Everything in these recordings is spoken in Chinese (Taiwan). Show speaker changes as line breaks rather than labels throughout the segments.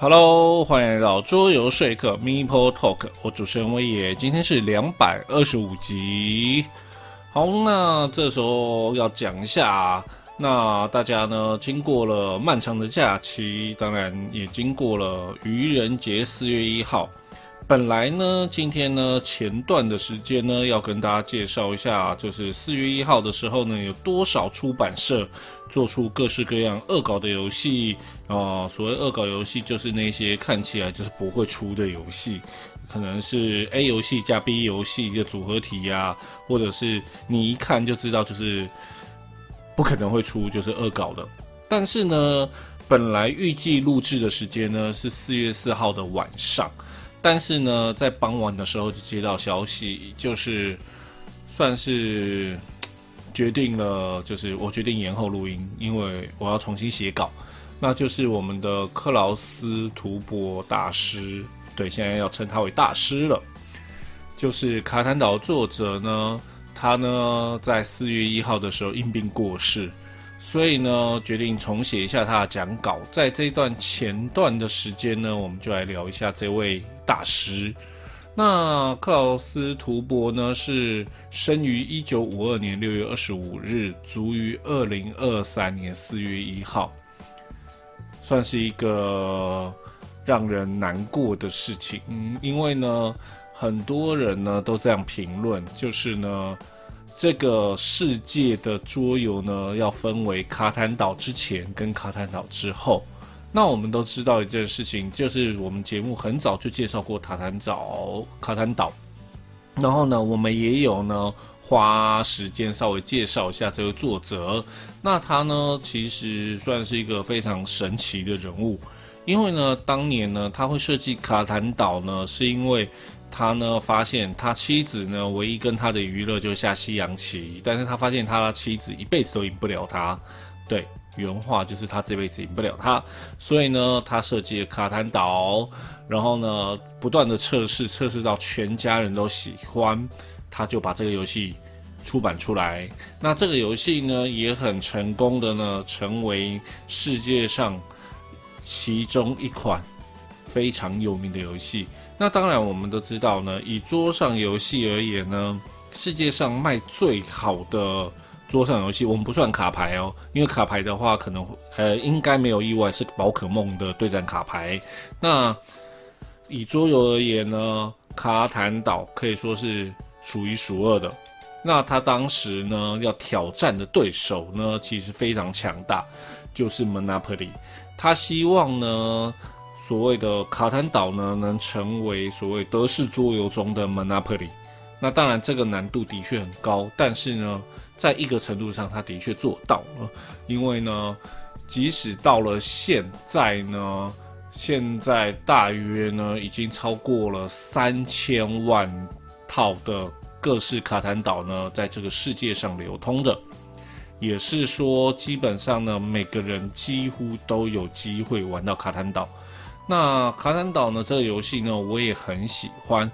Hello，歡迎來到桌遊說客 Meeple Talk，我主持人威野，今天是兩百二十五集。好，那這時候要講一下，那大家呢，經過了漫長的假期，當然也經過了愚人節四月一號。本來呢，今天呢，前段的時間呢，要跟大家介紹一下啊，就是四月一號的時候呢，有多少出版社做出各式各樣惡搞的遊戲啊，呃，所謂惡搞遊戲，就是那些看起來就是不會出的遊戲，可能是 A 遊戲加 B 遊戲的組合體呀，啊，或者是你一看就知道就是不可能會出，就是惡搞的。但是呢，本來預計錄制的時間呢，是四月四號的晚上。但是呢，在傍晚的時候就接到消息，就是算是決定了，就是我決定延後錄音，因為我要重新寫稿。那就是我們的克勞斯·圖博大師，對，現在要稱他為大師了。就是《卡坦島》作者呢，他呢在四月一號的時候因病過世，所以呢決定重寫一下他的講稿。在這段前段的時間呢，我們就來聊一下這位。大師，那克勞斯·圖博呢，是生於一九五二年六月二十五日，卒於二零二三年四月一號，算是一個讓人難過的事情。嗯，因為呢，很多人呢都這樣評論，就是呢，這個世界的桌遊呢要分為卡坦島之前跟卡坦島之後。那我們都知道一件事情，就是我們節目很早就介紹過卡坦島，卡坦島。然後呢，我們也有呢花時間稍微介紹一下這個作者。那他呢，其實算是一個非常神奇的人物，因為呢，當年呢，他會設計卡坦島呢，是因為他呢發現他妻子呢唯一跟他的娛樂就是下西洋棋，但是他發現他的妻子一輩子都贏不了他，對。原話就是他這輩子贏不了他，所以呢，他設計了卡坦島，然後呢，不斷的測試，測試到全家人都喜歡，他就把這個遊戲出版出來。那這個遊戲呢，也很成功的呢，成為世界上其中一款非常有名的遊戲。那當然，我們都知道呢，以桌上遊戲而言呢，世界上賣最好的。桌上遊戲我們不算卡牌哦，因為卡牌的話可能呃應該沒有意外是寶可夢的對戰卡牌。那以桌遊而言呢，卡坦島可以說是數一數二的。那他當時呢要挑戰的對手呢其實非常強大，就是 Monopoly。他希望呢所謂的卡坦島呢能成為所謂德式桌遊中的 Monopoly。那當然這個難度的確很高，但是呢，在一個程度上，他的確做到了，因為呢，即使到了現在呢，現在大約呢，已經超過了三千萬套的各式卡坦島呢，在這個世界上流通的，也是說，基本上呢，每個人幾乎都有機會玩到卡坦島。那卡坦島呢這個遊戲呢，我也很喜歡，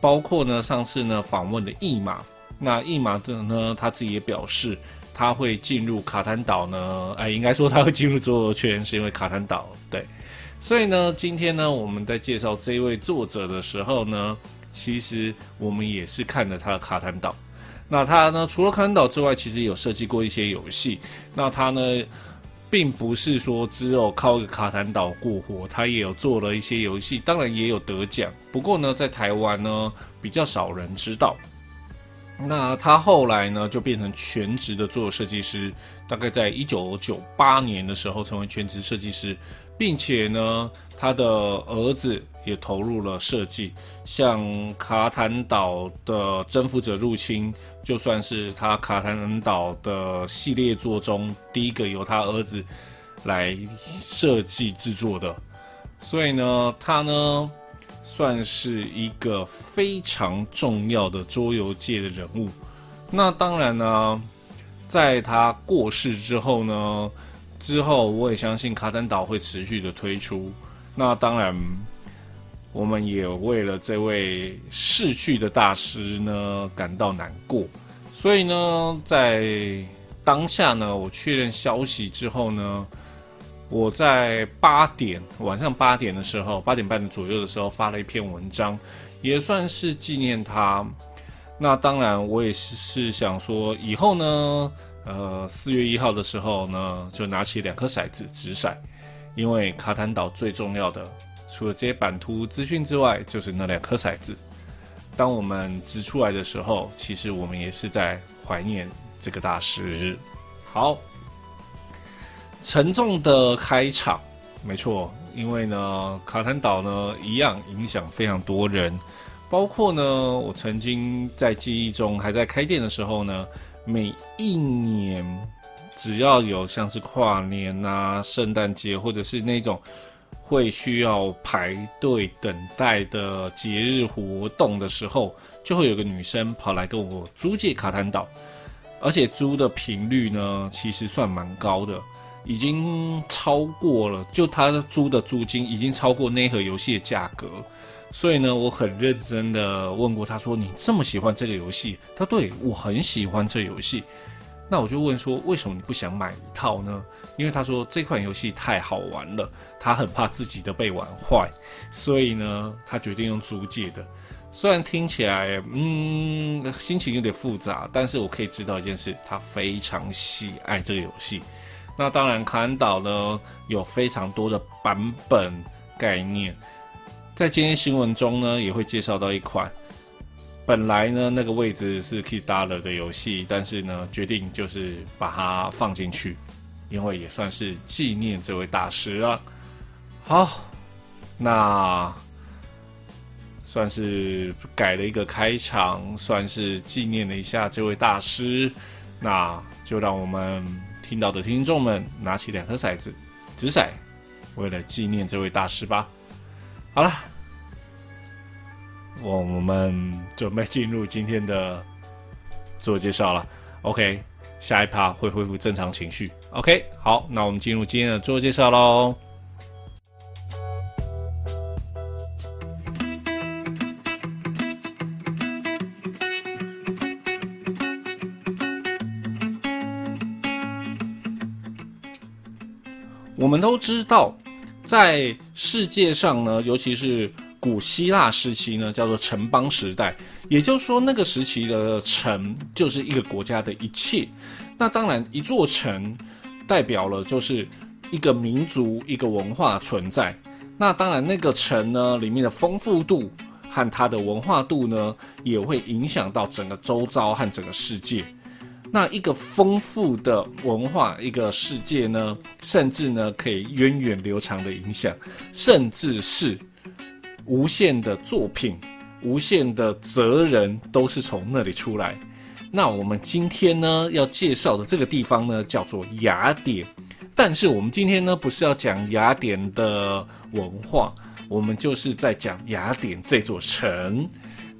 包括呢上次呢訪問的義馬。那易馬的呢，他自己也表示他會進入卡坦島呢。哎，應該說他會進入桌遊圈，是因為卡坦島。對，所以呢，今天呢我們在介紹這一位作者的時候呢，其實我們也是看了他的卡坦島。那他呢，除了卡坦島之外，其實有設計過一些遊戲。那他呢，並不是說只有靠個卡坦島過活，他也有做了一些遊戲，當然也有得獎。不過呢，在台灣呢，比較少人知道。那他後來呢，就變成全職的桌遊設計師，大概在一九九八年的時候成為全職設計師，並且呢，他的兒子也投入了設計，像卡坦島的征服者入侵，就算是他卡坦島的系列作中第一個由他兒子來設計製作的，所以呢，他呢。算是一個非常重要的桌遊界的人物。那當然呢，在他過世之後呢，之後我也相信卡坦島會持續的推出。那當然，我們也為了這位逝去的大師呢，感到難過。所以呢，在當下呢，我確認消息之後呢。我在八點晚上八點的時候，八點半左右的時候發了一篇文章，也算是紀念他。那當然，我也是是想說，以後呢，呃，四月一號的時候呢，就拿起兩顆骰子擲骰，因為卡坦島最重要的，除了這些版圖資訊之外，就是那兩顆骰子。當我們擲出來的時候，其實我們也是在懷念這個大師。好。沉重的開場，沒錯，因為呢，卡坦島呢一樣影響非常多人，包括呢，我曾經在記憶中還在開店的時候呢，每一年只要有像是跨年啊、聖誕節或者是那種會需要排隊等待的節日活動的時候，就會有個女生跑來跟我租借卡坦島，而且租的頻率呢，其實算蠻高的。已經超過了，就他租的租金已經超過那一盒遊戲的價格，所以呢，我很認真的問過他說：“你這麼喜歡這個遊戲？”他對我很喜歡這遊戲。那我就問說：“為什麼你不想買一套呢？”因為他說這款遊戲太好玩了，他很怕自己的被玩壞，所以呢，他決定用租借的。雖然聽起來嗯心情有點複雜，但是我可以知道一件事，他非常喜愛這個遊戲。那當然卡島、坎恩島呢有非常多的版本概念，在今天新聞中呢也會介紹到一款。本來呢那個位置是 Keydler 的遊戲，但是呢決定就是把它放進去，因為也算是紀念這位大師啊。好，那算是改了一個開場，算是紀念了一下這位大師，那就讓我們。聽到的聽眾們，拿起兩顆骰子，紫骰，為了紀念這位大師吧。好了，我們準備進入今天的自我介紹了。OK，下一趴會恢復正常情緒。OK，好，那我們進入今天的自我介紹嘍。都知道，在世界上呢，尤其是古希臘時期呢，叫做城邦時代。也就是說，那個時期的城就是一個國家的一切。那當然，一座城代表了就是一個民族、一個文化存在。那當然，那個城呢，裡面的豐富度和它的文化度呢，也會影響到整個周遭和整個世界。那一個豐富的文化，一個世界呢，甚至呢可以源遠流長的影響，甚至是無限的作品，無限的哲人都是從那裡出來。那我們今天呢要介紹的這個地方呢叫做雅典，但是我們今天呢不是要講雅典的文化，我們就是在講雅典這座城。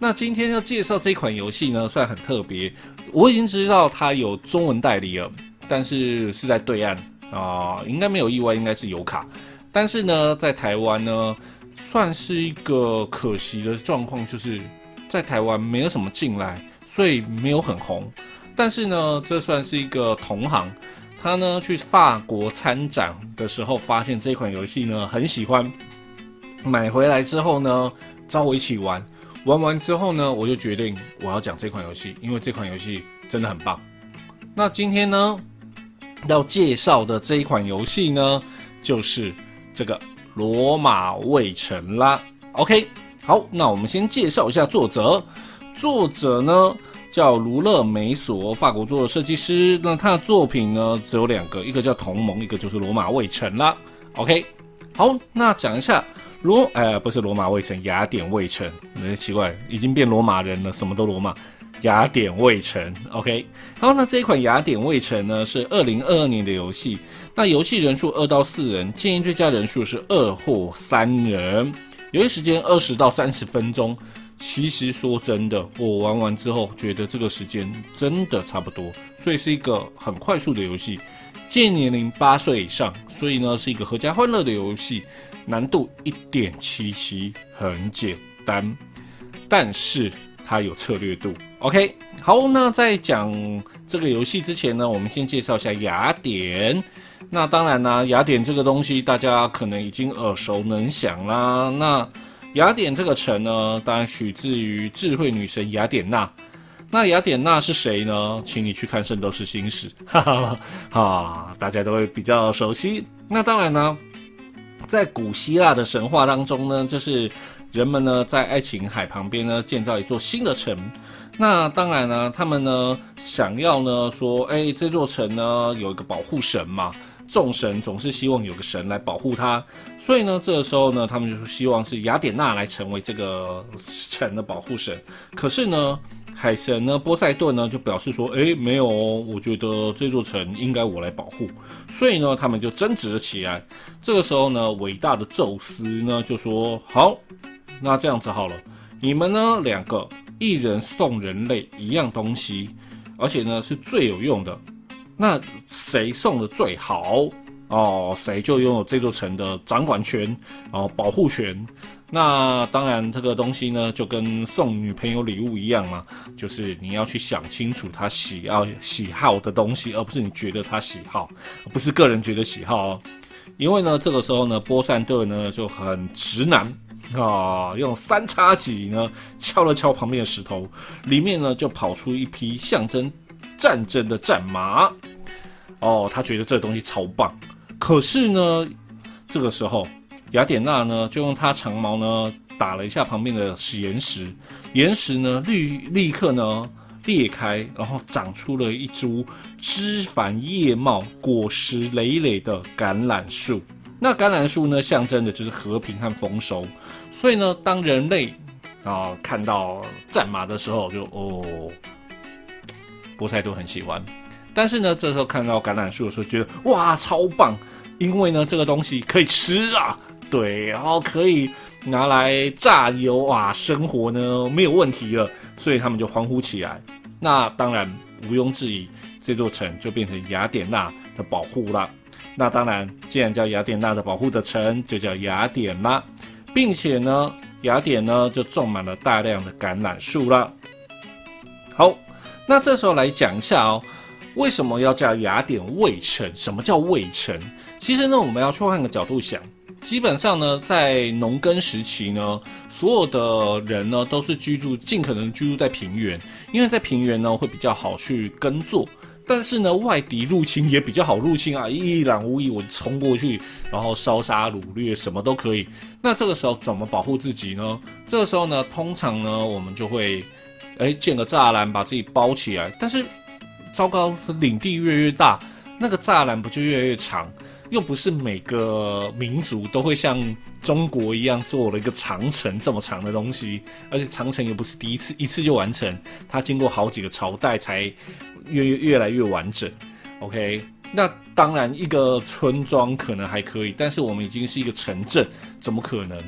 那今天要介紹這款遊戲呢，算很特別，我已經知道它有中文代理了，但是是在對岸啊、呃，應該沒有意外，應該是有卡。但是呢，在台灣呢，算是一個可惜的狀況，就是在台灣沒有什麼進來，所以沒有很紅。但是呢，這算是一個同行，他呢去法國參展的時候發現這款遊戲呢很喜歡，買回來之後呢，找我一起玩。玩完之後呢，我就決定我要講這款遊戲，因為這款遊戲真的很棒。那今天呢，要介紹的這一款遊戲呢，就是這個《羅馬衛城》啦。OK，好，那我們先介紹一下作者。作者呢叫盧勒梅索，法國做的設計師。那他的作品呢只有兩個，一個叫《同盟》，一個就是《羅馬衛城》啦。OK，好，那講一下。羅哎、呃，不是羅馬衛城，雅典衛城，有、欸、點奇怪，已經變羅馬人了，什麼都羅馬。雅典衛城，OK。然後呢，那這一款雅典衛城呢是二零二二年的遊戲，那遊戲人數二到四人，建議最佳人數是二或三人，遊戲時間二十到三十分鐘。其實說真的，我玩完之後覺得這個時間真的差不多，所以是一個很快速的遊戲。建議年齡八歲以上，所以呢是一個合家歡樂的遊戲，難度一點七七，很簡單，但是它有策略度。OK，好，那在講這個遊戲之前呢，我們先介紹一下雅典。那當然呢，啊，雅典這個東西大家可能已經耳熟能詳啦。那雅典這個城呢，當然取自於智慧女神雅典娜。那雅典娜是誰呢？請你去看《聖鬥士星矢》，哈哈，啊，大家都會比較熟悉。那當然呢，在古希臘的神話當中呢，就是人們呢在愛琴海旁邊呢建造一座新的城。那當然呢，他們呢想要呢說，誒、欸，這座城呢有一個保護神嘛。眾神總是希望有個神來保護他，所以呢，這個時候呢，他們就是希望是雅典娜來成為這個城的保護神。可是呢，海神呢，波塞頓呢，就表示說，誒、欸，沒有，我覺得這座城應該我來保護。所以呢，他們就爭執了起來。這個時候呢，偉大的宙斯呢就說，好，那這樣子好了，你們呢兩個，一人送人類一樣東西，而且呢是最有用的，那誰送的最好哦，誰就擁有這座城的掌管權後、哦、保護權。那當然，這個東西呢，就跟送女朋友禮物一樣嘛，就是你要去想清楚她喜要喜好的東西，而不是你覺得她喜好，不是個人覺得喜好哦。因為呢，這個時候呢，波塞頓呢就很直男啊、哦，用三叉戟呢敲了敲旁邊的石頭，裡面呢就跑出一匹象徵戰爭的戰馬。哦，他覺得這個東西超棒。可是呢，這個時候。雅典娜呢，就用它長矛呢打了一下旁邊的岩石，岩石呢立立刻呢裂開，然後長出了一株枝繁葉茂、果實累累的橄欖樹。那橄欖樹呢，象徵的就是和平和豐收。所以呢，當人類啊、呃、看到戰馬的時候就，就哦，波塞冬很喜歡；但是呢，這時候看到橄欖樹的時候，覺得哇，超棒，因為呢，這個東西可以吃啊。對，然、哦、後可以拿來榨油啊，生活呢沒有問題了，所以他們就歡呼起來。那當然毋庸置疑，這座城就變成雅典娜的保護啦。那當然，既然叫雅典娜的保護的城，就叫雅典啦，並且呢，雅典呢就種滿了大量的橄欖樹啦。好，那這時候來講一下哦，為什麼要叫雅典衛城？什麼叫衛城？其實呢，我們要去換個角度想。基本上呢，在農耕時期呢，所有的人呢都是居住，盡可能居住在平原，因為在平原呢會比較好去耕作。但是呢，外敵入侵也比較好入侵啊，一覽無遺，我衝過去，然後燒殺擄掠，什麼都可以。那這個時候怎麼保護自己呢？這個時候呢，通常呢我們就會，誒，建個柵欄把自己包起來。但是，糟糕，領地越來越大，那個柵欄不就越來越長？又不是每個民族都會像中國一樣做了一個長城這麼長的東西，而且長城也不是第一次，一次就完成，它經過好幾個朝代才越越來越完整。OK，那當然一個村莊可能還可以，但是我們已經是一個城鎮，怎麼可能？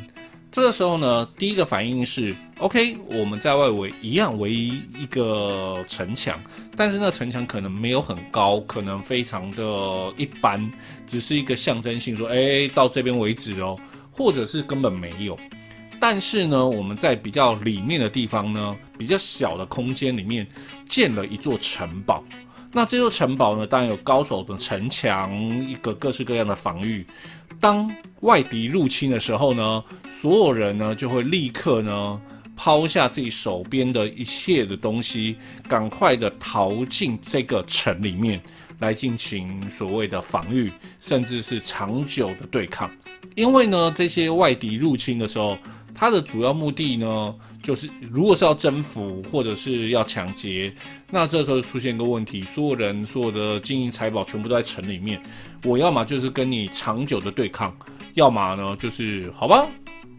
這個時候呢，第一個反應是 OK，我們在外圍一樣圍一,一個城牆，但是那城牆可能沒有很高，可能非常的一般，只是一個象徵性說，說誒，到這邊為止哦，或者是根本沒有。但是呢，我們在比較裡面的地方呢，比較小的空間裡面建了一座城堡。那這座城堡呢，當然有高手的城牆，一個各式各樣的防御。當外敵入侵的時候呢，所有人呢就會立刻呢拋下自己手邊的一切的東西，趕快的逃進這個城裡面來進行所謂的防禦，甚至是長久的對抗。因為呢，這些外敵入侵的時候，他的主要目的呢就是，如果是要征服或者是要搶劫，那這時候就出現一個問題，所有人所有的金銀財寶全部都在城裡面，我要嘛就是跟你長久的對抗。要麼呢，就是好吧，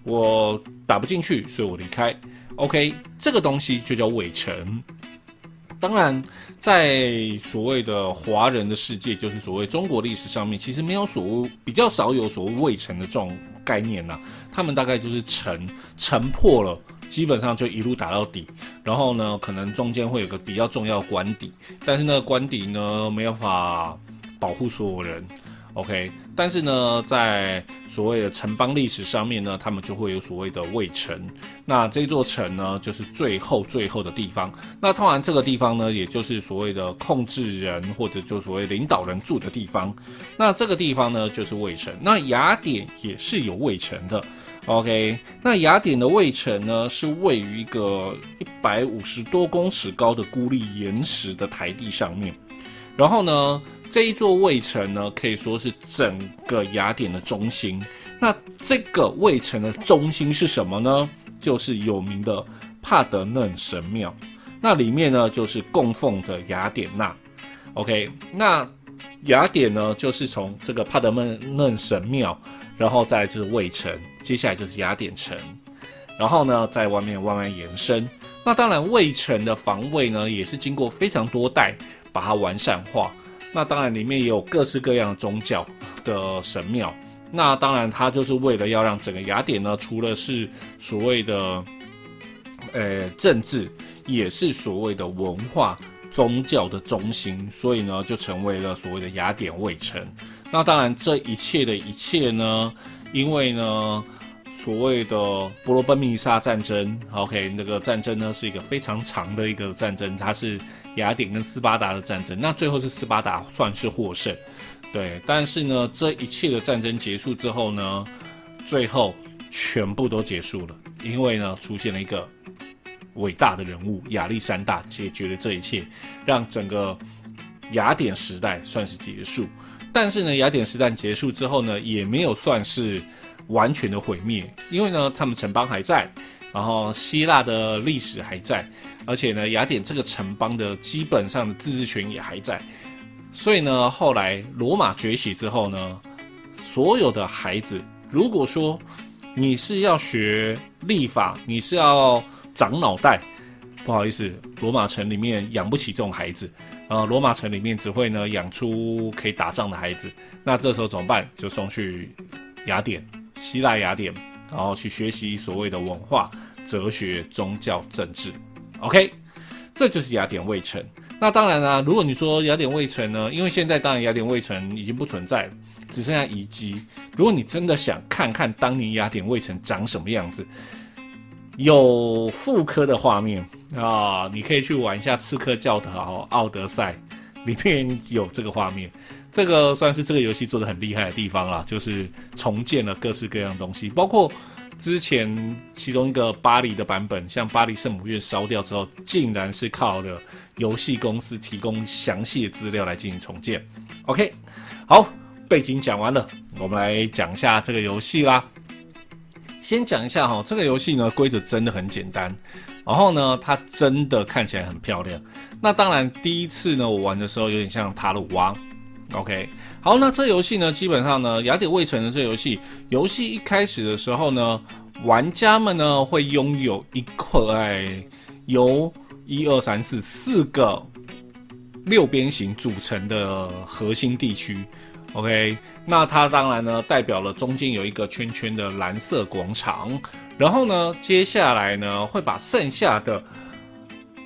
我打不進去，所以我離開。OK，這個東西就叫圍城。當然，在所謂的華人的世界，就是所謂中國歷史上面，其實沒有所謂比較少有所謂圍城的這種概念吶、啊。他們大概就是城城破了，基本上就一路打到底。然後呢，可能中間會有個比較重要官邸，但是那個官邸呢，沒辦法保護所有人。OK。但是呢，在所謂的城邦歷史上面呢，他們就會有所謂的衛城。那這座城呢，就是最後最後的地方。那當然，這個地方呢，也就是所謂的控制人或者就所謂領導人住的地方。那這個地方呢，就是衛城。那雅典也是有衛城的。OK，那雅典的衛城呢，是位於一個一百五十多公尺高的孤立岩石的台地上面。然後呢，這一座衛城呢，可以說是整個雅典的中心。那這個衛城的中心是什麼呢？就是有名的帕德嫩神廟。那裡面呢，就是供奉的雅典娜。OK，那雅典呢，就是從這個帕德嫩神廟，然後再來就是衛城，接下來就是雅典城，然後呢，在外面慢慢延伸。那當然，衛城的防衛呢，也是經過非常多代把它完善化。那當然，裡面也有各式各樣的宗教的神廟。那當然，它就是為了要讓整個雅典呢，除了是所謂的，呃、欸，政治，也是所謂的文化宗教的中心。所以呢，就成為了所謂的雅典衛城。那當然，這一切的一切呢，因為呢，所謂的伯羅奔尼撒戰爭，OK，那個戰爭呢是一個非常長的一個戰爭，它是。雅典跟斯巴達的戰爭，那最後是斯巴達算是獲勝，對。但是呢，這一切的戰爭結束之後呢，最後全部都結束了，因為呢，出現了一個偉大的人物亞歷山大，解決了這一切，讓整個雅典時代算是結束。但是呢，雅典時代結束之後呢，也沒有算是完全的毀滅，因為呢，他們城邦還在。然後希臘的歷史還在，而且呢，雅典這個城邦的基本上的自治權也還在，所以呢，後來羅馬崛起之後呢，所有的孩子，如果說你是要學立法，你是要長腦袋，不好意思，羅馬城裡面養不起這種孩子，然後羅馬城裡面只會呢養出可以打仗的孩子，那這時候怎麼辦？就送去雅典，希臘雅典，然後去學習所謂的文化，哲學、宗教、政治，OK，這就是雅典衛城。那當然啦、啊，如果你說雅典衛城呢，因為現在當然雅典衛城已經不存在了，只剩下遺跡。如果你真的想看看當年雅典衛城長什麼樣子，有復刻的畫面啊，你可以去玩一下《刺客教條：奧德賽》，裡面有這個畫面。這個算是這個遊戲做的很厲害的地方了，就是重建了各式各樣的東西，包括。之前其中一個巴黎的版本，像巴黎聖母院燒掉之後，竟然是靠着遊戲公司提供詳細的資料來進行重建。OK，好，背景講完了，我們來講一下這個遊戲啦。先講一下哈、哦，這個遊戲呢規則真的很簡單，然後呢它真的看起來很漂亮。那當然，第一次呢我玩的時候有點像塔魯瓦。OK。好，那這遊戲呢，基本上呢，《雅典衛城》的這遊戲，遊戲一開始的時候呢，玩家們呢會擁有一塊由一二三四四個六邊形組成的核心地區。OK，那它當然呢代表了中間有一個圈圈的藍色廣場。然後呢，接下來呢會把剩下的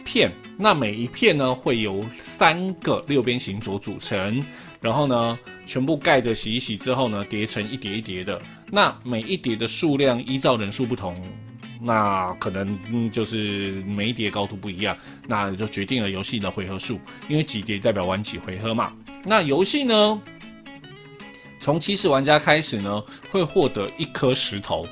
片，那每一片呢會由三個六邊形組組成。然後呢，全部蓋着洗一洗之後呢，疊成一疊一疊的。那每一疊的數量依照人數不同，那可能嗯就是每一疊高度不一樣，那就決定了遊戲的回合數，因為幾疊代表玩幾回合嘛。那遊戲呢，從起始玩家開始呢，會獲得一顆石頭。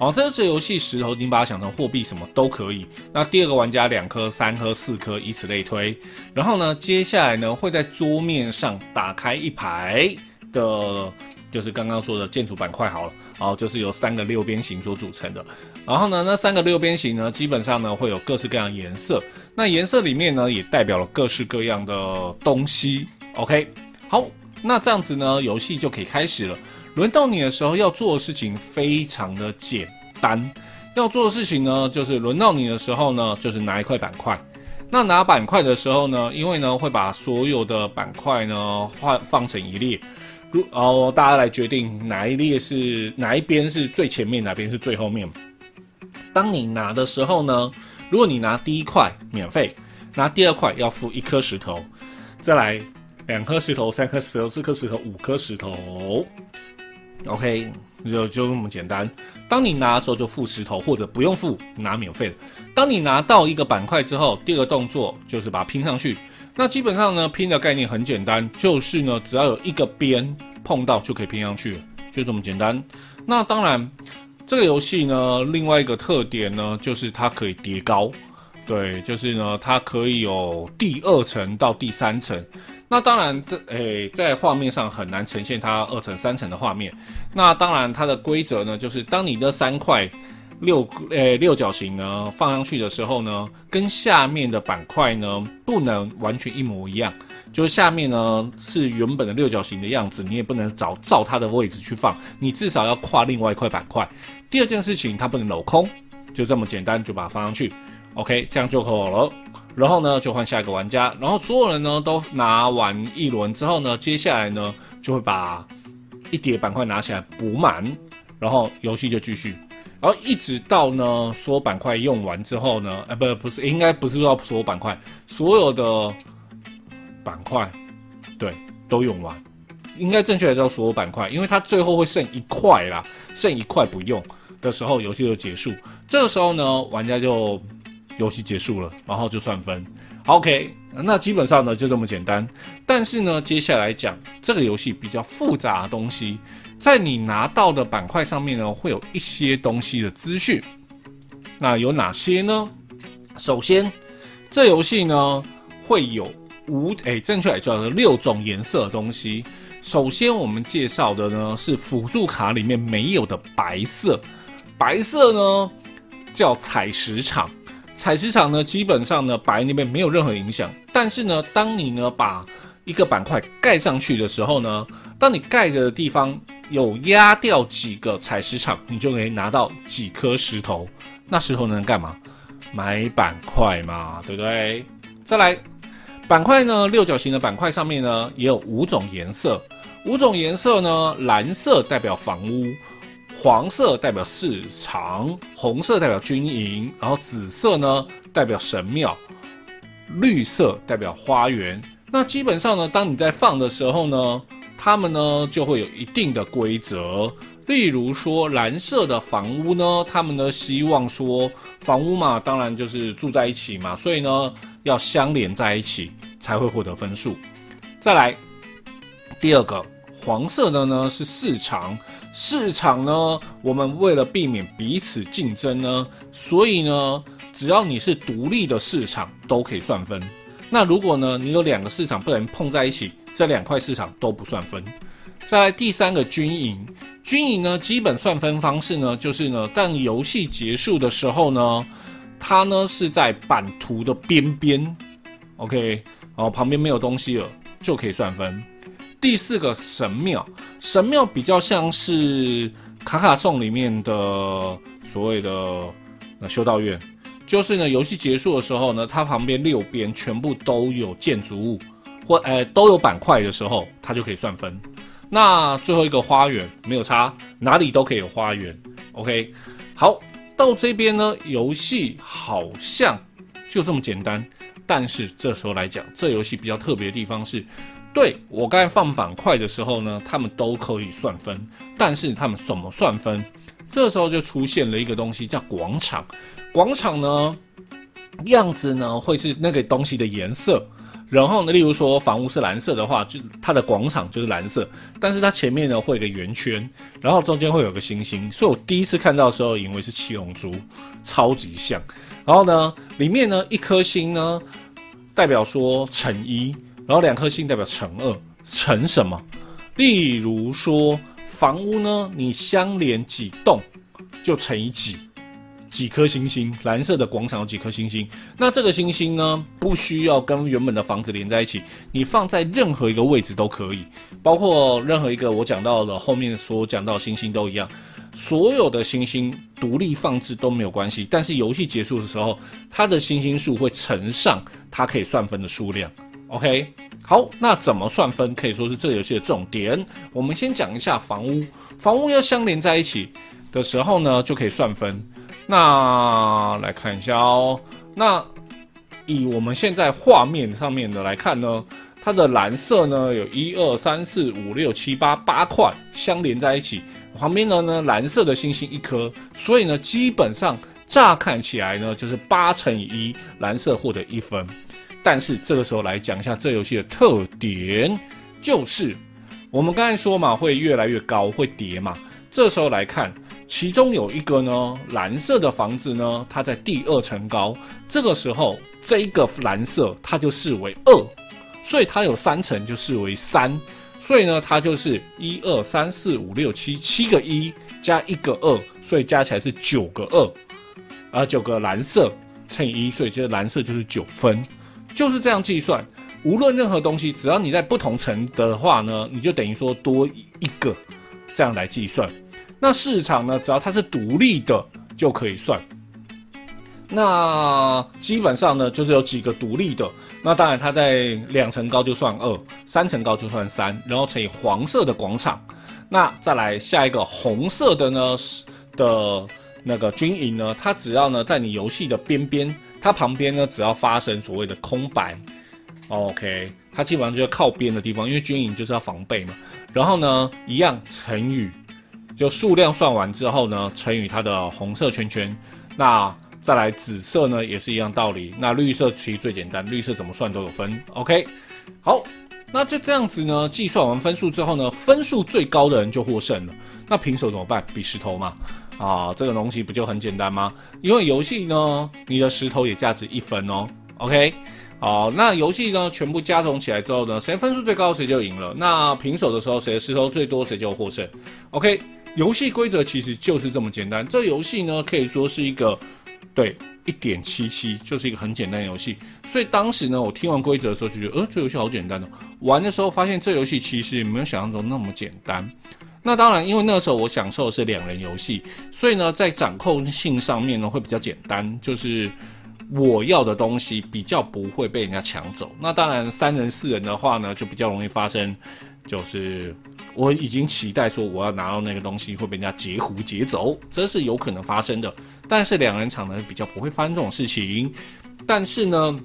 哦，這這遊戲石頭，你把它想成貨幣，什麼都可以。那第二個玩家兩顆、三顆、四顆，以此類推。然後呢，接下來呢，會在桌面上打開一排的，就是剛剛說的建築板塊。好了，哦，就是由三個六邊形所組成的。然後呢，那三個六邊形呢，基本上呢會有各式各樣的顏色。那顏色裡面呢，也代表了各式各樣的東西。OK，好，那這樣子呢，遊戲就可以開始了。輪到你的時候，要做的事情非常的簡單。要做的事情呢，就是輪到你的時候呢，就是拿一塊板塊。那拿板塊的時候呢，因為呢會把所有的板塊呢換放成一列，如哦，大家來決定哪一列是哪一邊是最前面，哪邊是最後面。當你拿的時候呢，如果你拿第一塊免費，拿第二塊要付一顆石頭，再來兩顆石頭、三顆石頭、四顆石頭、五顆石頭。OK，就就這麼簡單。當你拿的時候就付石頭，或者不用付拿免費的。當你拿到一個板塊之後，第二個動作就是把它拼上去。那基本上呢，拼的概念很簡單，就是呢，只要有一個邊碰到就可以拼上去了，就這麼簡單。那當然，這個遊戲呢，另外一個特點呢，就是它可以疊高，對，就是呢，它可以有第二層到第三層。那當然這，誒、欸，在畫面上很難呈現它二層三層的畫面。那當然，它的規則呢，就是當你的三塊六誒、欸、六角形呢放上去的時候呢，跟下面的板塊呢不能完全一模一樣。就是下面呢是原本的六角形的樣子，你也不能找照它的位置去放，你至少要跨另外一塊板塊。第二件事情，它不能鏤空，就這麼簡單，就把它放上去。OK，這樣就好了。然後呢，就換下一個玩家。然後所有人呢都拿完一輪之後呢，接下來呢就會把一疊板塊拿起來補滿，然後遊戲就繼續。然後一直到呢所有板塊用完之後呢，呃，不，不是，應該不是說所有板塊，所有的板塊，對，都用完，應該正確來說所有板塊，因為它最後會剩一塊啦，剩一塊不用的時候，遊戲就結束。這個時候呢，玩家就。遊戲結束了，然後就算分。OK，那基本上呢就這麼簡單。但是呢，接下來講這個遊戲比較複雜的東西。在你拿到的板塊上面呢，會有一些東西的資訊。那有哪些呢？首先，這遊戲呢會有五，誒，正確來說是六種顏色的東西。首先，我們介紹的呢是輔助卡裡面沒有的白色，白色呢叫採石場，採石場呢，基本上呢，白那邊沒有任何影響，但是呢，當你呢把一個板塊蓋上去的時候呢，當你蓋的地方有壓掉幾個採石場，你就可以拿到幾顆石頭。那石頭能幹嘛？買板塊嘛，對不對？再來，板塊呢，六角形的板塊上面呢，也有五種顏色。五種顏色呢，藍色代表房屋。黃色代表市場，紅色代表軍營，然後紫色呢代表神廟，綠色代表花園。那基本上呢，當你在放的時候呢，他們呢就會有一定的規則。例如說，藍色的房屋呢，他們呢希望說，房屋嘛，當然就是住在一起嘛，所以呢要相連在一起才會獲得分數。再來第二個，黃色的呢是市場。市場呢，我們為了避免彼此競爭呢，所以呢，只要你是獨立的市場都可以算分。那如果呢，你有兩個市場不能碰在一起，這兩塊市場都不算分。再來第三個軍營，軍營呢，基本算分方式呢，就是呢，當遊戲結束的時候呢，它呢是在版圖的邊邊，OK，然後旁邊沒有東西了就可以算分。第四個神廟，神廟比較像是《卡卡頌》裡面的所謂的修道院，就是呢，遊戲結束的時候呢，它旁邊六邊全部都有建築物或哎都有板塊的時候，它就可以算分。那最後一個花園沒有差，哪裡都可以有花園。OK，好，到這邊呢，遊戲好像就這麼簡單，但是這時候來講，這遊戲比較特別的地方是。對，我剛才放板塊的時候呢，他們都可以算分，但是他們怎麼算分？這時候就出現了一個東西叫廣場，廣場呢樣子呢會是那個東西的顏色，然後呢，例如說房屋是藍色的話，就它的廣場就是藍色，但是它前面呢會有一個圓圈，然後中間會有個星星，所以我第一次看到的時候以為是七龍珠，超級像。然後呢，裡面呢一顆星呢代表說乘一。然後兩顆星代表乘二，乘什麼？例如說房屋呢，你相連幾棟就乘以幾，幾顆星星。藍色的廣場有幾顆星星？那這個星星呢，不需要跟原本的房子連在一起，你放在任何一個位置都可以，包括任何一個我講到的後面所講到的星星都一樣。所有的星星獨立放置都沒有關係，但是遊戲結束的時候，它的星星數會乘上它可以算分的數量。OK，好，那怎麼算分可以說是這個遊戲的重點。我們先講一下房屋，房屋要相連在一起的時候呢，就可以算分。那來看一下哦。那以我們現在畫面上面的來看呢，它的藍色呢有一二三四五六七八八塊相連在一起，旁邊呢呢藍色的星星一顆，所以呢基本上乍看起來呢就是八乘以一，藍色獲得一分。但是這個時候來講一下這遊戲的特點，就是我們剛才說嘛，會越來越高，會疊嘛。這時候來看，其中有一個呢，藍色的房子呢，它在第二層高。這個時候，這一個藍色它就視為二，所以它有三層就視為三，所以呢，它就是一二三四五六七七個一加一個二，所以加起來是九個二，呃，九個藍色乘以一，所以這藍色就是九分。就是這樣計算，無論任何東西，只要你在不同層的話呢，你就等於說多一個這樣來計算。那市場呢，只要它是獨立的就可以算。那基本上呢，就是有幾個獨立的，那當然它在兩層高就算二，三層高就算三，然後乘以黃色的廣場。那再來下一個紅色的呢是的那個軍營呢，它只要呢在你遊戲的邊邊。它旁邊呢，只要發生所謂的空白，OK，它基本上就是靠邊的地方，因為軍營就是要防備嘛。然後呢，一樣乘以，就數量算完之後呢，乘以它的紅色圈圈。那再來紫色呢，也是一樣道理。那綠色其實最簡單，綠色怎麼算都有分，OK。好，那就這樣子呢，計算完分數之後呢，分數最高的人就獲勝了。那平手怎麼辦？比石頭嘛。啊，這個東西不就很簡單嗎？因為遊戲呢，你的石頭也價值一分哦。OK，好，那遊戲呢，全部加總起來之後呢，誰分數最高誰就贏了。那平手的時候，誰的石頭最多誰就獲勝。OK，遊戲規則其實就是這麼簡單。這遊戲呢，可以說是一個，對，一點七七，就是一個很簡單的遊戲。所以當時呢，我聽完規則的時候就覺得，呃，這遊戲好簡單哦。玩的時候發現這遊戲其實也沒有想象中那麼簡單。那當然，因為那個時候我享受的是兩人遊戲，所以呢，在掌控性上面呢，會比較簡單，就是我要的東西比較不會被人家搶走。那當然，三人四人的話呢，就比較容易發生，就是我已經期待說我要拿到那個東西會被人家截胡截走，這是有可能發生的。但是兩人場呢，比較不會發生這種事情。但是呢。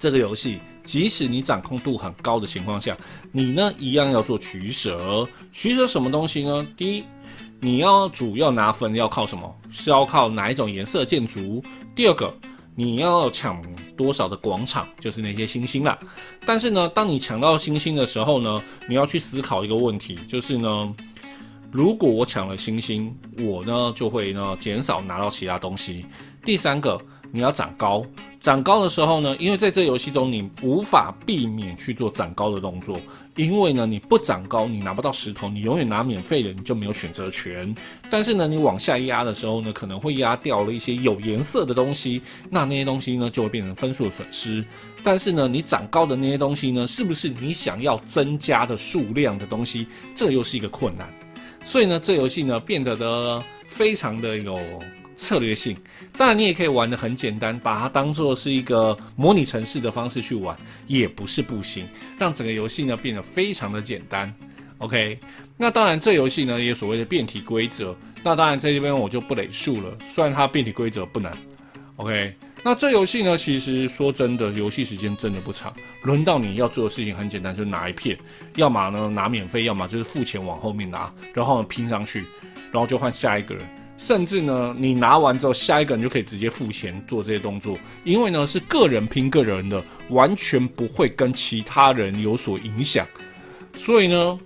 這個遊戲，即使你掌控度很高的情況下，你呢一樣要做取舍。取舍什麼東西呢？第一，你要主要拿分要靠什麼？是要靠哪一種顏色的建築？第二個，你要搶多少的廣場，就是那些星星啦。但是呢，當你搶到星星的時候呢，你要去思考一個問題，就是呢，如果我搶了星星，我呢就會呢減少拿到其他東西。第三個，你要長高。長高的時候呢，因為在這遊戲中你無法避免，去做長高的動作，因為呢你不長高你拿不到石頭，你永遠拿免費的你就沒有選擇權。但是呢你往下一壓的時候呢，可能會壓掉了一些有顏色的東西，那那些東西呢就會變成分數的損失。但是呢你長高的那些東西呢，是不是你想要增加的數量的東西，這又是一個困難。所以呢這遊戲呢變得的非常的有策略性，當然你也可以玩得很簡單，把它當做是一個模擬城市的方式去玩，也不是不行，讓整個遊戲呢變得非常的簡單。OK，那當然這遊戲呢有也所謂的變體規則，那當然在這邊我就不贅述了，雖然它變體規則不難。OK，那這遊戲呢其實說真的，遊戲時間真的不長，輪到你要做的事情很簡單，就拿一片，要麼呢拿免費，要麼就是付錢往後面拿，然後拼上去，然後就換下一個人。甚至呢，你拿完之後，下一個人就可以直接付錢做這些動作，因為呢是個人拼個人的，完全不會跟其他人有所影響。所以呢，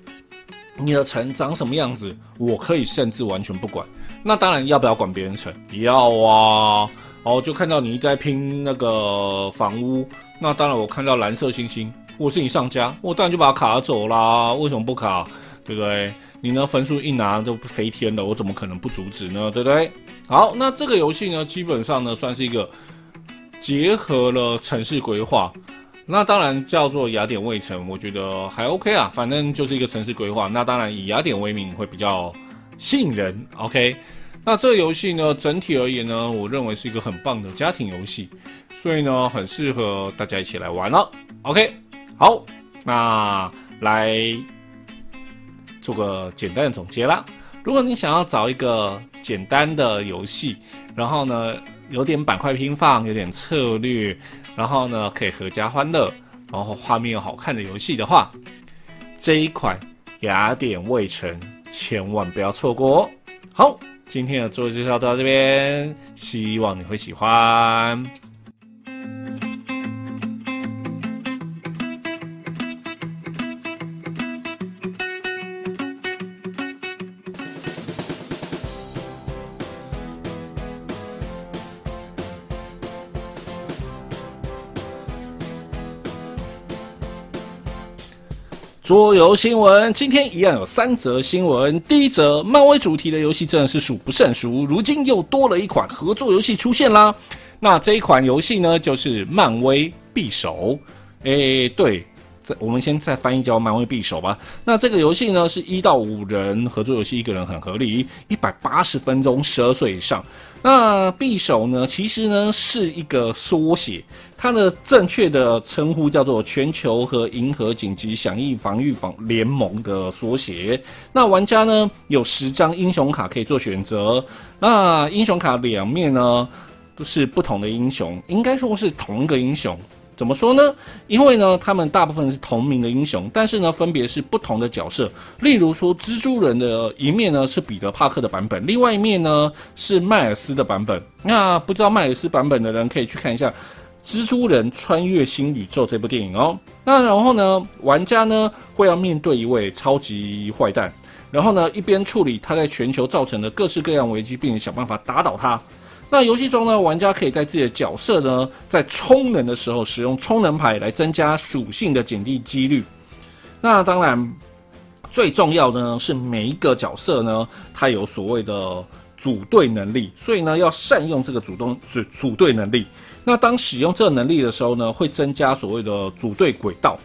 你的城長什麼樣子，我可以甚至完全不管。那當然要不要管別人城？要啊！哦，就看到你在拼那個房屋，那當然我看到藍色星星，我是你上家，我當然就把他卡走啦。為什麼不卡？對不對？你呢分數一拿就飛天了，我怎麼可能不阻止呢？對不對？好，那這個遊戲呢，基本上呢算是一個結合了城市規劃，那當然叫做雅典衛城，我覺得還 OK 啊。反正就是一個城市規劃，那當然以雅典為名會比較吸引人。OK，那這遊戲呢，整體而言呢，我認為是一個很棒的家庭遊戲，所以呢，很適合大家一起來玩了哦。OK，好，那來。做個簡單的總結啦。如果你想要找一個簡單的遊戲，然後呢，有點板塊拼放，有點策略，然後呢，可以合家歡樂，然後畫面又好看的遊戲的話，這一款《雅典衛城》千萬不要錯過。好，今天的桌遊介紹到這邊，希望你會喜歡。桌遊新聞，今天一樣有三則新聞。第一則，漫威主題的遊戲真的是數不勝數，如今又多了一款合作遊戲出現啦。那這一款遊戲呢，就是漫威匕首。哎、欸，對。我們先再翻譯叫《漫威匕首》吧。那這個遊戲呢，是一到五人合作遊戲，一個人很合理，一百八十分鐘，十二歲以上。那匕首呢，其實呢是一個縮寫，它的正確的稱呼叫做全球和銀河緊急響應防禦防聯盟的縮寫。那玩家呢有十張英雄卡可以做選擇。那英雄卡兩面呢都、就是不同的英雄，應該說是同一個英雄。怎麼說呢？因為呢，他們大部分是同名的英雄，但是呢，分別是不同的角色。例如說，蜘蛛人的一面呢是彼得·帕克的版本，另外一面呢是邁爾斯的版本。那不知道邁爾斯版本的人，可以去看一下《蜘蛛人穿越新宇宙》這部電影哦。那然後呢，玩家呢會要面對一位超級壞蛋，然後呢一邊處理他在全球造成的各式各樣危機，並且想辦法打倒他。那遊戲中呢，玩家可以在自己的角色呢，在充能的時候使用充能牌來增加屬性的減低幾率。那當然，最重要的呢是每一個角色呢，它有所謂的組隊能力，所以呢要善用這個主動組組隊能力。那當使用這個能力的時候呢，會增加所謂的組隊軌道。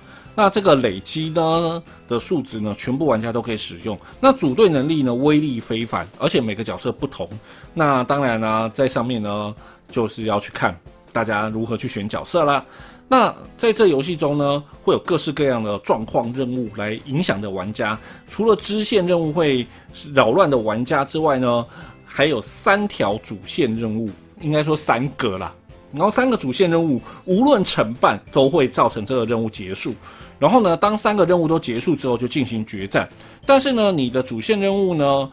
那這個累積呢的數值呢，全部玩家都可以使用。那組隊能力呢，威力非凡，而且每個角色不同。那當然呢、啊，在上面呢，就是要去看大家如何去選角色啦。那在這遊戲中呢，會有各式各樣的狀況任務來影響的玩家。除了支線任務會擾亂的玩家之外呢，還有三條主線任務，應該說三個啦。然後三個主線任務，無論成敗都會造成這個任務結束。然後呢，當三個任務都結束之後，就進行決戰。但是呢，你的主線任務呢，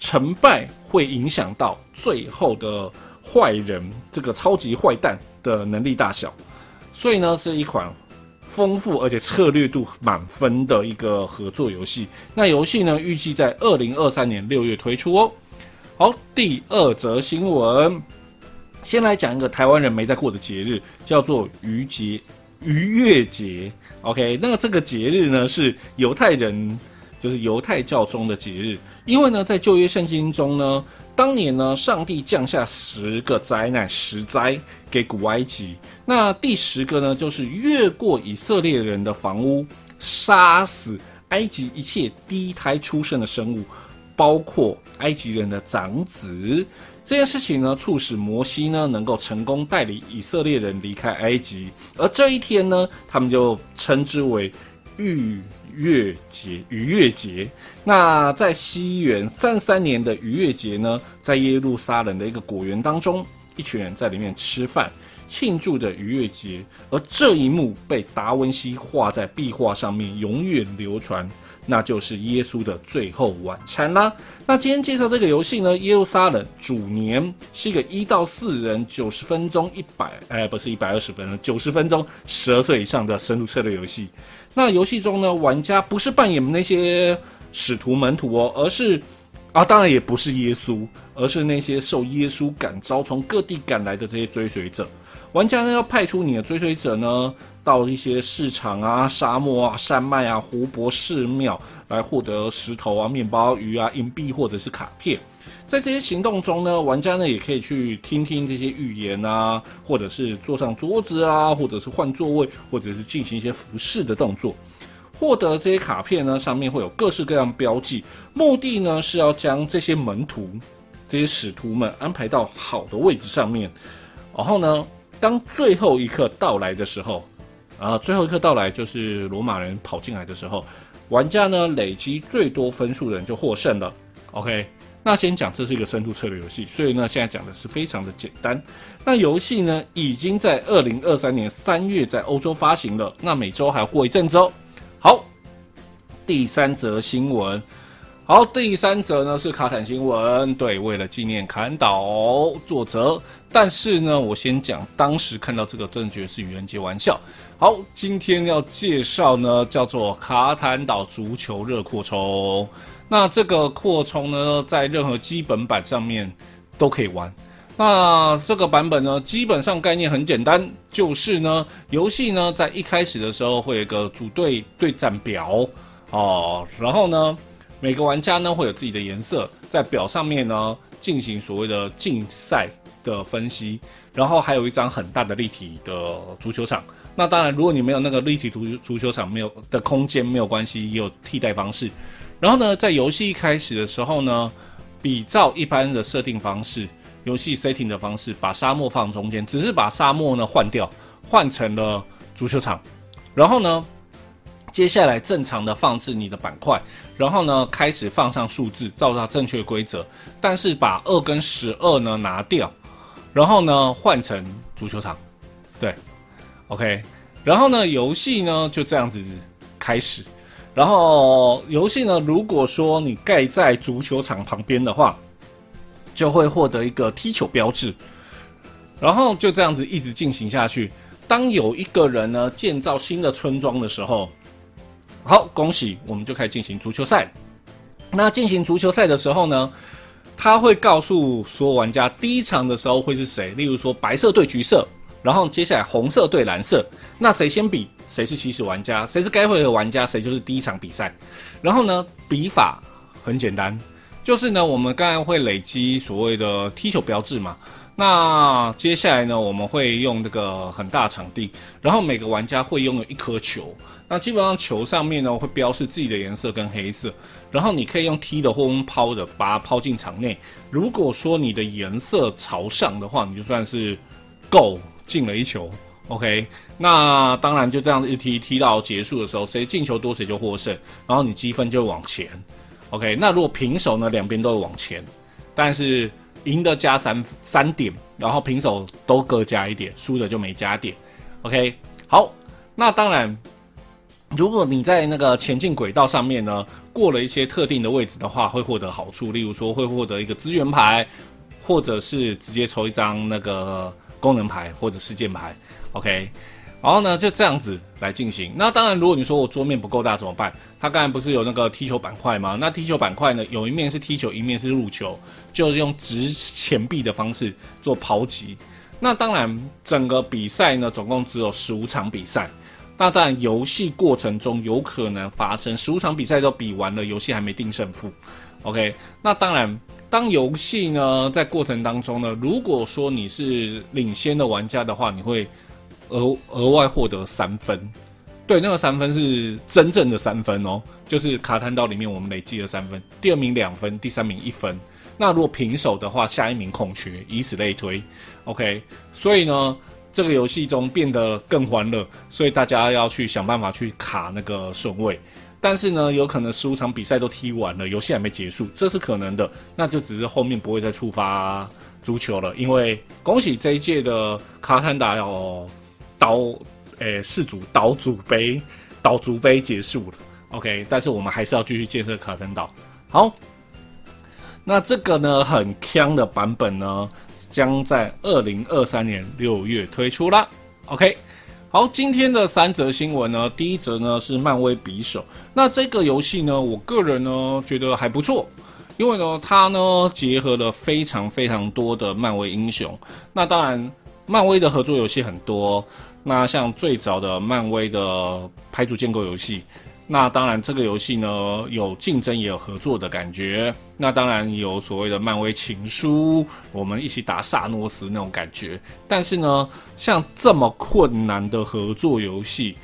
成敗會影響到最後的壞人，這個超級壞蛋的能力大小。所以呢，是一款豐富而且策略度滿分的一個合作遊戲。那遊戲呢，預計在二零二三年六月推出哦。好，第二則新聞。先來講一個台灣人沒在過的節日，叫做愚節。逾越節，OK，那這個節日呢，是猶太人，就是猶太教中的節日。因為呢，在舊約聖經中呢，當年呢，上帝降下十個災難，十災給古埃及。那第十個呢，就是越過以色列人的房屋，殺死埃及一切低胎出生的生物，包括埃及人的長子。這件事情呢，促使摩西呢能夠成功帶領以色列人離開埃及，而這一天呢，他們就稱之為逾越節。逾越節。那在西元三三年的逾越節呢，在耶路撒冷的一個果園當中，一群人在裡面吃飯，慶祝的逾越節。而這一幕被達文西畫在壁畫上面，永遠流傳。那就是耶穌的最後晚餐啦。那今天介紹這個遊戲呢，《耶路撒冷主年》是一個一到四人、九十分鐘、一百哎，不是一百二十分鐘，九十分鐘、十二歲以上的深度策略遊戲。那遊戲中呢，玩家不是扮演那些使徒門徒哦，而是啊，當然也不是耶穌，而是那些受耶穌感召從各地趕來的這些追隨者。玩家呢要派出你的追隨者呢，到一些市場啊、沙漠啊、山脈啊、湖泊、寺廟來獲得石頭啊、麵包、魚啊、硬幣或者是卡片。在這些行動中呢，玩家呢也可以去聽聽這些預言啊，或者是坐上桌子啊，或者是換座位，或者是進行一些服飾的動作。獲得這些卡片呢，上面會有各式各樣標記，目的呢是要將這些門徒、這些使徒們安排到好的位置上面，然後呢。當最後一刻到來的時候，啊，最後一刻到來就是羅馬人跑進來的時候，玩家呢累積最多分數的人就獲勝了。OK，那先講這是一個深度策略遊戲，所以呢現在講的是非常的簡單。那遊戲呢已經在二零二三年三月在歐洲發行了，那美洲還要過一陣子哦。好，第三則新聞，好，第三則呢是卡坦新聞。對，為了紀念卡坦島作者。但是呢，我先講，當時看到這個，真的覺得是愚人節玩笑。好，今天要介紹呢，叫做卡坦島足球熱擴充。那這個擴充呢，在任何基本版上面都可以玩。那這個版本呢，基本上概念很簡單，就是呢，遊戲呢在一開始的時候會有一個組隊對戰表。哦，然後呢，每個玩家呢會有自己的顏色，在表上面呢進行所謂的競賽。的分析，然後還有一張很大的立體的足球場。那當然，如果你沒有那個立體足足球場，沒有的空間沒有關係，也有替代方式。然後呢，在遊戲一開始的時候呢，比照一般的設定方式，遊戲 setting 的方式，把沙漠放中間，只是把沙漠呢換掉，換成了足球場。然後呢，接下來正常的放置你的板塊，然後呢開始放上數字，照著正確規則，但是把二跟十二呢拿掉。然後呢，換成足球場，對，OK。然後呢，遊戲呢就這樣子開始。然後遊戲呢，如果說你蓋在足球場旁邊的話，就會獲得一個踢球標誌。然後就這樣子一直進行下去。當有一個人呢建造新的村莊的時候，好，恭喜，我們就開始進行足球賽。那進行足球賽的時候呢？他會告訴所有玩家第一場的時候會是誰，例如說白色對橘色，然後接下來紅色對藍色，那誰先比，誰是起始玩家，誰是該回合玩家，誰就是第一場比賽。然後呢，比法很簡單，就是呢，我們剛才會累積所謂的踢球標誌嘛。那接下來呢，我們會用那個很大場地，然後每個玩家會擁有一顆球。那基本上球上面呢會標示自己的顏色跟黑色，然後你可以用踢的或用拋的把它拋進場內。如果說你的顏色朝上的話，你就算是夠進了一球。OK，那當然就這樣子一踢踢到結束的時候，誰進球多誰就獲勝，然後你積分就往前。OK，那如果平手呢，兩邊都會往前，但是。贏的加三三點，然後平手都各加一點，輸的就沒加點。OK，好，那當然，如果你在那個前進軌道上面呢，過了一些特定的位置的話，會獲得好處，例如說會獲得一個資源牌，或者是直接抽一張那個功能牌或者事件牌。OK。然後呢，就這樣子來進行。那當然，如果你說我桌面不夠大怎麼辦？他剛才不是有那個踢球板塊嗎？那踢球板塊呢，有一面是踢球，一面是入球，就是用值錢幣的方式做拋擊。那當然，整個比賽呢，總共只有十五場比賽。那當然，遊戲過程中有可能發生十五場比賽都比完了，遊戲還沒定勝負。OK，那當然，當遊戲呢在過程當中呢，如果說你是領先的玩家的話，你會。額額外獲得三分，對，那個三分是真正的三分哦，就是卡坦島裡面我們累計的三分。第二名兩分，第三名一分。那如果平手的話，下一名空缺，以此類推。OK，所以呢，這個遊戲中變得更歡樂，所以大家要去想辦法去卡那個順位。但是呢，有可能十五場比賽都踢完了，遊戲還沒結束，這是可能的。那就只是後面不會再觸發足球了，因為恭喜這一屆的卡坦達有。島，誒、欸，氏族島主杯，島主杯結束了。OK，但是我們還是要繼續建設卡森島。好，那這個呢很僵的版本呢，將在二零二三年六月推出啦。OK，好，今天的三則新聞呢，第一則呢是漫威匕首。那這個遊戲呢，我個人呢覺得還不錯，因為呢它呢結合了非常非常多的漫威英雄。那當然，漫威的合作遊戲很多。那像最早的漫威的牌組建構遊戲，那當然這個遊戲呢有競爭也有合作的感覺，那當然有所謂的漫威情書，我們一起打薩諾斯那種感覺。但是呢，像這麼困難的合作遊戲，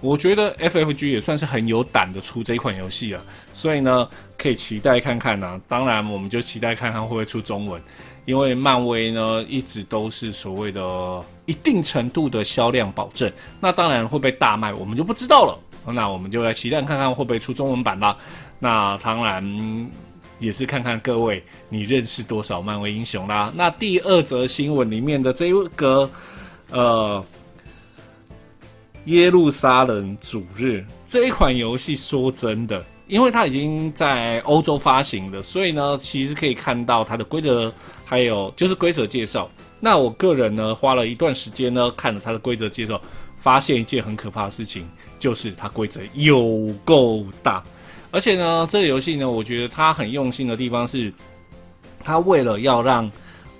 我覺得 FFG 也算是很有膽的出這一款遊戲了、啊，所以呢可以期待看看吶、啊。當然，我們就期待看看會不會出中文。因為漫威呢，一直都是所謂的一定程度的銷量保證，那當然會不會大賣，我們就不知道了。那我們就來期待看看會不會出中文版啦。那當然也是看看各位你認識多少漫威英雄啦。那第二則新聞裡面的這個呃，《耶路撒冷主日》這一款遊戲，說真的，因為它已經在歐洲發行了，所以呢，其實可以看到它的規則。還有就是規則介紹。那我個人呢，花了一段時間呢，看了它的規則介紹，發現一件很可怕的事情，就是它規則有夠大。而且呢，這個遊戲呢，我覺得它很用心的地方是，它為了要讓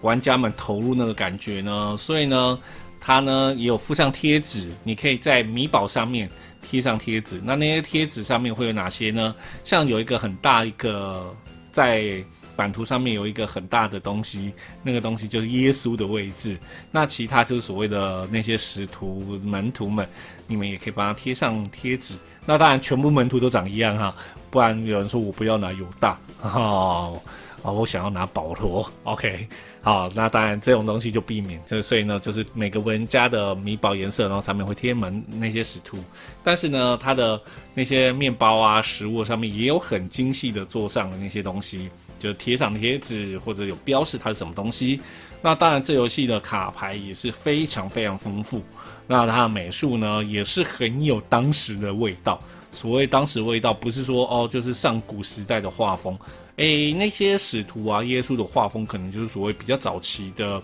玩家們投入那個感覺呢，所以呢，它呢也有附上貼紙，你可以在米寶上面貼上貼紙。那那些貼紙上面會有哪些呢？像有一個很大一個在。版圖上面有一個很大的東西，那個東西就是耶穌的位置。那其他就是所謂的那些使徒門徒們，你們也可以幫他貼上貼紙。那當然，全部門徒都長一樣哈，不然有人說我不要拿猶大，啊、哦哦，我想要拿保羅。OK。好，那當然這種東西就避免，所以呢，就是每個玩家的米寶顏色，然後上面會貼滿那些使徒，但是呢，它的那些麵包啊、食物上面也有很精細的做上的那些東西，就是貼上貼紙或者有標示它是什麼東西。那當然，這遊戲的卡牌也是非常非常豐富，那它的美術呢也是很有當時的味道。所謂當時味道，不是說哦就是上古時代的畫風。誒，那些使徒啊，耶穌的畫風可能就是所謂比較早期的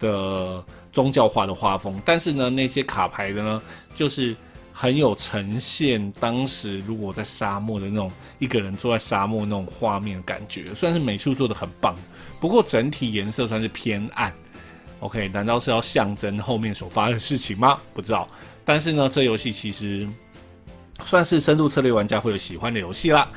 的宗教畫的畫風。但是呢，那些卡牌的呢，就是很有呈現當時如果在沙漠的那種一個人坐在沙漠那種畫面的感覺。算是美術做的很棒，不過整體顏色算是偏暗。OK，難道是要象徵後面所發生的事情嗎？不知道。但是呢，這遊戲其實算是深度策略玩家會有喜歡的遊戲啦。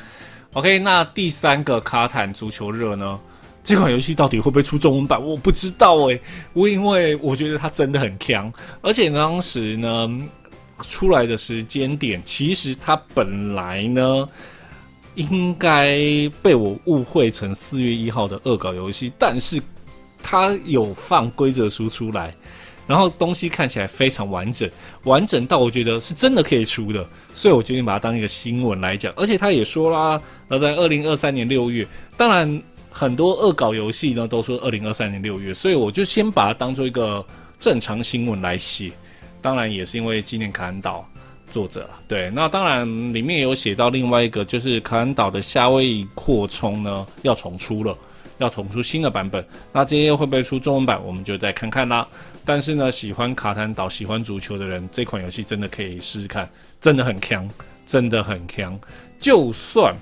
OK，那第三個《卡坦足球熱》呢？這款遊戲到底會不會出中文版？我不知道誒、欸，我因為我覺得它真的很鏘，而且當時呢，出來的時間點，其實它本來呢，應該被我誤會成四月一號的惡搞遊戲，但是它有放規則書出來。然後東西看起來非常完整，完整到我覺得是真的可以出的，所以我決定把它當一個新聞來講。而且他也說啦，呃，在二零二三年六月，當然很多惡搞遊戲呢都說二零二三年六月，所以我就先把它當做一個正常新聞來寫。當然也是因為紀念《卡恩島》作者，對，那當然裡面也有寫到另外一個，就是《卡恩島》的夏威夷擴充呢要重出了，要重出新的版本。那今天會不會出中文版，我們就再看看啦。但是呢，喜歡卡坦島、喜歡足球的人，這款遊戲真的可以試試看，真的很強，真的很強。就算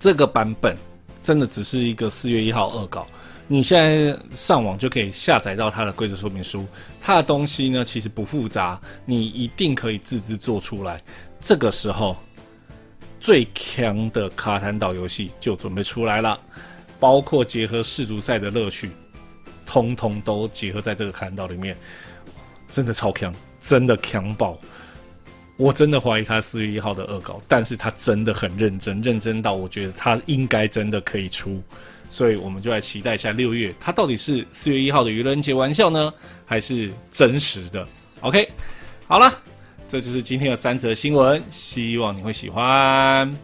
這個版本真的只是一個四月一號惡搞，你現在上網就可以下載到它的規則說明書。它的東西呢，其實不複雜，你一定可以自製做出來。這個時候，最強的卡坦島遊戲就準備出來了，包括結合世足賽的樂趣。通通都結合在這個刊道裡面，真的超強，真的強爆！我真的懷疑他四月一號的惡搞，但是他真的很認真，認真到我覺得他應該真的可以出，所以我們就來期待一下六月，他到底是四月一號的愚人節玩笑呢，還是真實的？OK，好了，這就是今天的三則新聞，希望你會喜歡。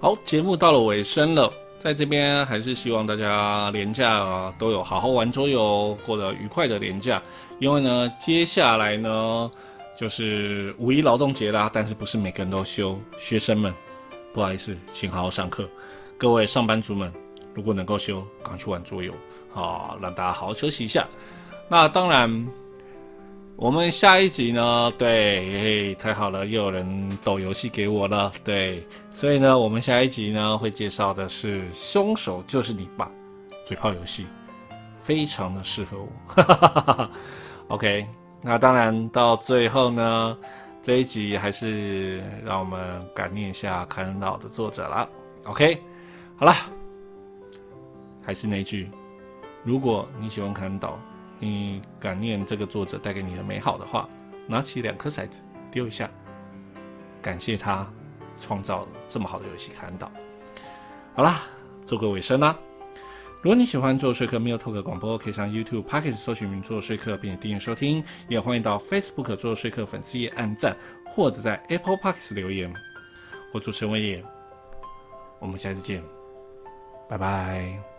好，節目到了尾聲了，在這邊還是希望大家連假、啊、都有好好玩桌遊，過得愉快的連假。因為呢，接下來呢就是五一勞動節啦，但是不是每個人都休。學生們，不好意思，請好好上課。各位上班族們，如果能夠休，趕去玩桌遊，好讓大家好好休息一下。那當然。我們下一集呢，對，嘿，太好了，又有人抖遊戲給我了。對，所以呢，我們下一集呢會介紹的是凶手就是你吧，嘴炮遊戲，非常的適合我。哈哈哈哈哈 OK，那當然到最後呢，這一集還是讓我們感念一下卡坦島的作者啦 OK，好了，還是那句，如果你喜歡卡坦島。你、嗯、感念這個作者帶給你的美好的話，拿起兩顆骰子，丟一下，感謝他創造了這麼好的遊戲。看到，好啦，做個尾聲啦。如果你喜歡桌遊說客 MeepleTalk 廣播，可以上 YouTube、Podcast 搜尋名桌遊說客，並且訂閱收聽。也歡迎到 Facebook 桌遊說客粉絲頁按讚，或者在 Apple Podcast 留言。我主持人文也，我們下次見，拜拜。